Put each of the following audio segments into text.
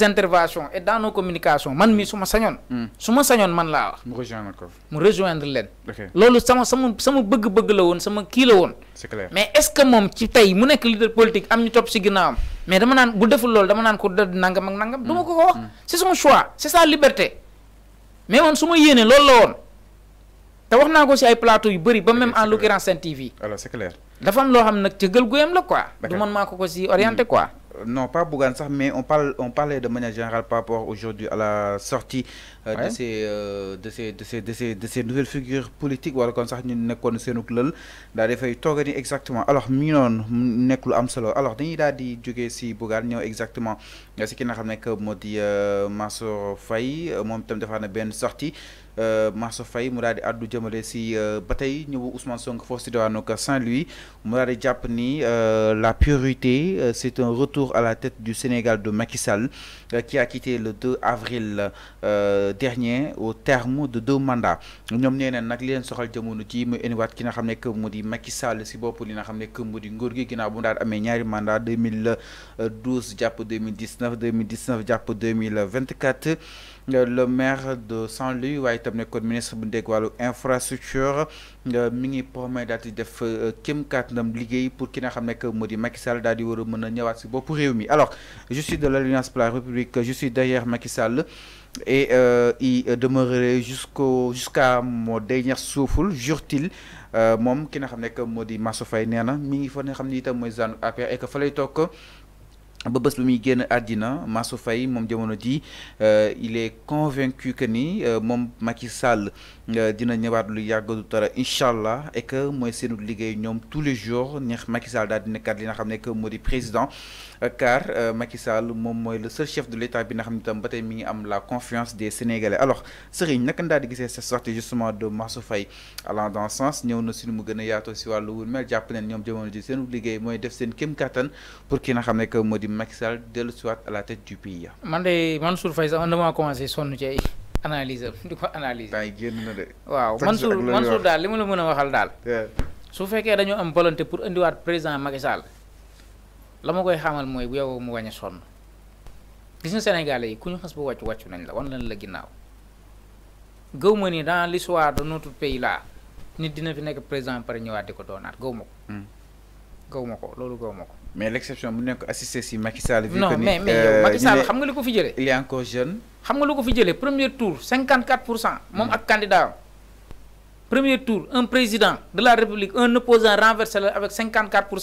nos interventions et dans nos communications man mii su ma sañoon. Hmm. su ma man laa wax. mu rejoindre ko mu rejoindre leen. loolu sama bëgg-bëgg la woon sama kii la woon. c'est clair mais est-ce moom ci tey mu nekk leader politique am ñu topp si ginnaawam mais dama naan bu deful loolu dama naan ko dëdd nangam ak nangam. du ma hmm. ko ko wax hmm. c'est son c'est sa liberté mais man su ma yéene loolu la woon te wax naa ko si ay plateau yu bëri ba même en l'occurrence Sen TV. alors loo xam nag ca gël guyam la quoi. du man maa ko ko si orienté quoi. non pas Bougane mais on parle on parlait de manière générale par rapport aujourd'hui à la sortie euh, euh, de ces de ces de ces de ces nouvelles figures politiques wala kon sax ñu nekkoon seenu lël daal dafay tooga exactement alors mi ne nekk lu am solo alors dañuy daal dit que si Bougane exactement c'est qui euh, n'a xam que Modi di Mansour Mon thème de faire une benn sortie euh, Mansour Faye mu daal di àddu jëmale si euh, bataille ñu Ousmane Sonko foofu si diwaanu Saint-Louis mu daal ni euh, la priorité c'est un retour à la tête du Sénégal de Macky Sall qui a quitté le 2 avril dernier au terme de deux mandats ñom nee nak li len soxal jamono ji mu wat ki nga xamné que mudi Macky Sall si bop li nga xamné que mudi ngor nguur gi ginnaaw bu mu daal amee ñaari mandat 2012 japp 2019 2019 japp 2024 euh, le maire de Saint-Louis waaye itam nekkoon ministre bu ndeg wàllu infrastructure euh, mi ngi promet daal di def euh, Kim kàttanam liguey pour ki nga xam nekk moo Macky Sall dal di war a ñëwaat ci bopp réew mi alors je suis de l'Alliance pour la République je suis derrière Macky Sall et il demeurerait jusqu'au jusqu'à mon dernier souffle jure-t-il moom ki nga xam nekk moo di Faye néna na mi ngi fa nga xam ne itam mooy APR et que fallait tok ba bés bi muy génn àddina Mansour ji euh, il est convaincu que ni euh, Mom Macky Sall euh, dina ñëwaat lu yàgg du et que mooy nous liggéey ñoom tous les jours ni Macky Sall daal di li que moo président car Macky Sall moom le seul chef de l'état bi nga xam tam ba mi ngi am la confiance des sénégalais alors c'est une nga qui di gisee cette sortie justement de Mansour Fay, allant dans sens ñëw na si nu mu gën a yaatoo si mel jàpp nañ ñoom jamono ji seenu liggéey mooy def seen pour ki n'a xam que moo di Macky Sall dellu siwaat à la tête du pays. man de Mansour Faye sax man damaa commencé sonn ci ay analyse am di ko analyser. waaw Mansour Mansour daal li ma la mën a waxal daal. su fekkee dañoo am volonté pour indiwaat président Macky Sall la ma koy xamal mooy bu yow mu wàññi sonn gis nga Sénégalais yi ku ñu xas ba wàccu wàccu nañ la wan lañ la ginnaaw gëw ma ni dans l'histoire de notre pays là nit dina fi nekk président pare ñëwaat di ko doonaat gëw ma ko. Hmm. gëw ko loolu gëw mais l'exception, exception nek assister assisté si Macky Sall. vu que mais mais euh, Macky Sall xam nga li ko fi il est encore jeune. xam nga lu ko fi jëlé premier tour 54 mom ak candidat premier tour un président de la république un opposant renversé avec 54 pour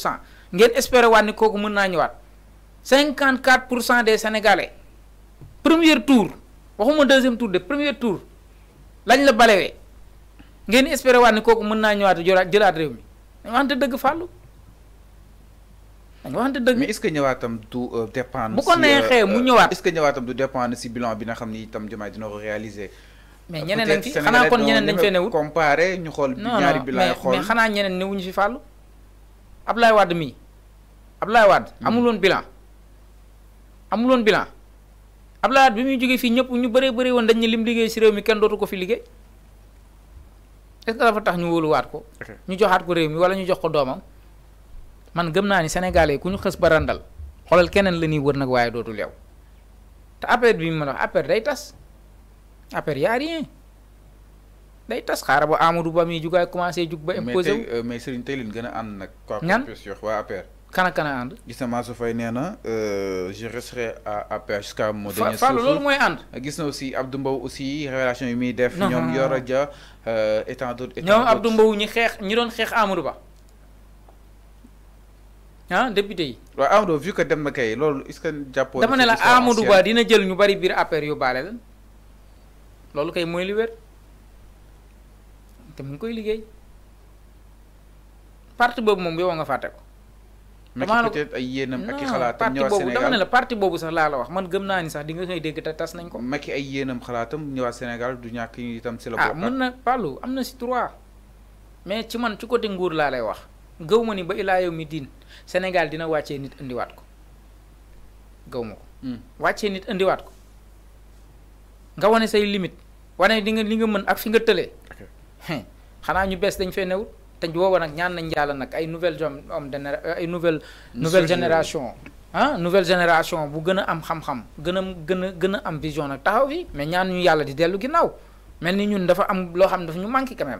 ngeen espérer waat ni mën na ñëwaat. 54 des sénégalais. premier tour waxuma deuxième tour de premier tour lañ la balewee ngeen espérer waat koku mën na ñëwaat jëlaat jëlaat réew mi wante deug fallu dañu waxante dëgg mais est ce que ñëwaatam du euh, dépendre. bu ko neexee euh, mu ñëwaat est ce que ñëwaatam du dépendre si bilan bi nga xam ni itam Diomaye dina ko réaliser. mais euh, ñeneen lañ fi xanaa kon ñeneen dañ fee newut comparé ñu xool. ñaari bilan yi xool mais xanaa ñeneen newuñu fi fàllu. Abdoulaye Wade mii Abdoulaye Wade. Hmm. amuloon bilan amuloon bilan. Abdoulaye bi muy jógee fii ñëpp ñu bëree bëri woon dañ ne lim liggéey si réew mi kenn dootu ko fi liggéey est ce que dafa tax ñu wóoluwaat ko. ñu joxaat ko réew mi wala ñu jox ko doomam man gëm naa ni sénégalais ku ñu xës ba randal xoolal keneen la ñuy wër nag waaye dootul yow te affaire bi ma wax affaire day tas affaire y a day tas xaaral ba Amadou Ba muy jugaay commencé jug ba. imposé wu euh, mais Serigne tey leen gën a ànd nag. ñan waa APR. kan a ànd. gis na Mansour Faye nee na euh, je resterai à APR jusqu'à mon gis na aussi Abdou mbaw aussi révélation yi muy def. ñoom yor Dia euh, et tant d'autres et tant d'autres ñoom Abdou Mbow ñi xeex ñi doon xeex Amadou Ba. ha depuis day wa amdo vu que dem na kay lolou est-ce que jàppoo. dama ne la Amadou Ba dina jël ñu bari bir APR yu balé lan lolou kay moy li wër te mu koy liggéey parti bobu mom yow nga faté ko. damaa la être ay yénam ak ki xalaatam ñëwaat Sénégal dama ne la parti bobu sax la la wax man gëm na ni sax di nga koy dégg ta tas nañ ko. maki ay yénam xalaatam ñëwaat Sénégal du ñu itam ci la. Ah, bokk ah mën na palu amna ci si trois mais ci man ci côté nguur la lay wax. gëw ma ni ba ilaa yow mi diin Sénégal dina wàccee nit indiwaat ko gëw ma ko. Hmm. wàccee nit indiwaat ko nga wane say limite wane di nga li nga mën ak fi nga tëlee. xanaa ñu bees dañ fee newut te booba nag ñaan nañ yàlla nag ay nouvelle homme ay nouvelle nouvelle génération ah nouvelle génération bu gën a am xam-xam gën a gën a gën a am vision nag taxaw fi mais ñaan ñu yàlla di dellu ginnaaw mel ni ñun dafa am loo xam ne dafa ñu manqué quand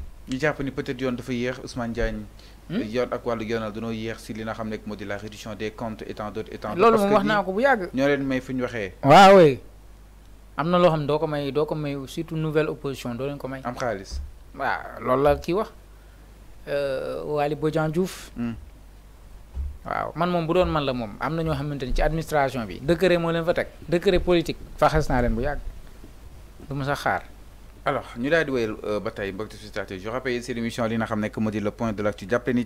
ñu jàpp ni peut-être yoon dafa yéex Ousmane Diagne. Hmm? yoon ak wàllu yoonal dañoo yéex si li na xam ne moo di la réduction des comptes et tant d'autres et tant d'autres. loolu moom wax naa ko bu yàgg. ñoo leen may fu ñu waxee. waaw am na loo xam ne doo ko may doo ko may surtout nouvelle opposition doo leen ko may. am xaalis. waaw loolu la kii wax euh, Waly Bodian juuf hmm. waaw man moom bu doon man la moom am na ñoo xamante ni ci administration bi. décret moo leen fa teg décret politique. fa xas naa leen bu yàgg du ma xaar. alors nous daal di wéyal euh, ba je rappelle que c'est l'émission nga xam comme moo le point de l'actu jàppale ni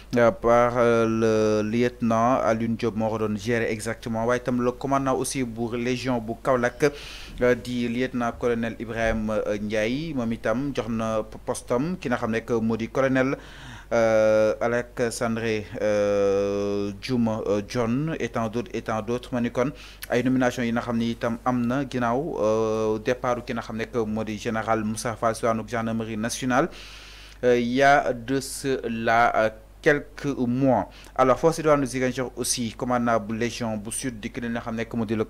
Euh, par euh, le lieutenant Alun Diop exactement le commandant aussi pour légion euh, lieutenant colonel Ibrahim Ndiaye John Postom, qui na ki avec John et d'autres et d'autres nomination yi n'a un ni amna n'a général Moussa Fall un gendarmerie nationale y a de cela quelques mois alors force de nous diriger aussi commandant bu légion bu sud dikk na nga xam nekk mu di le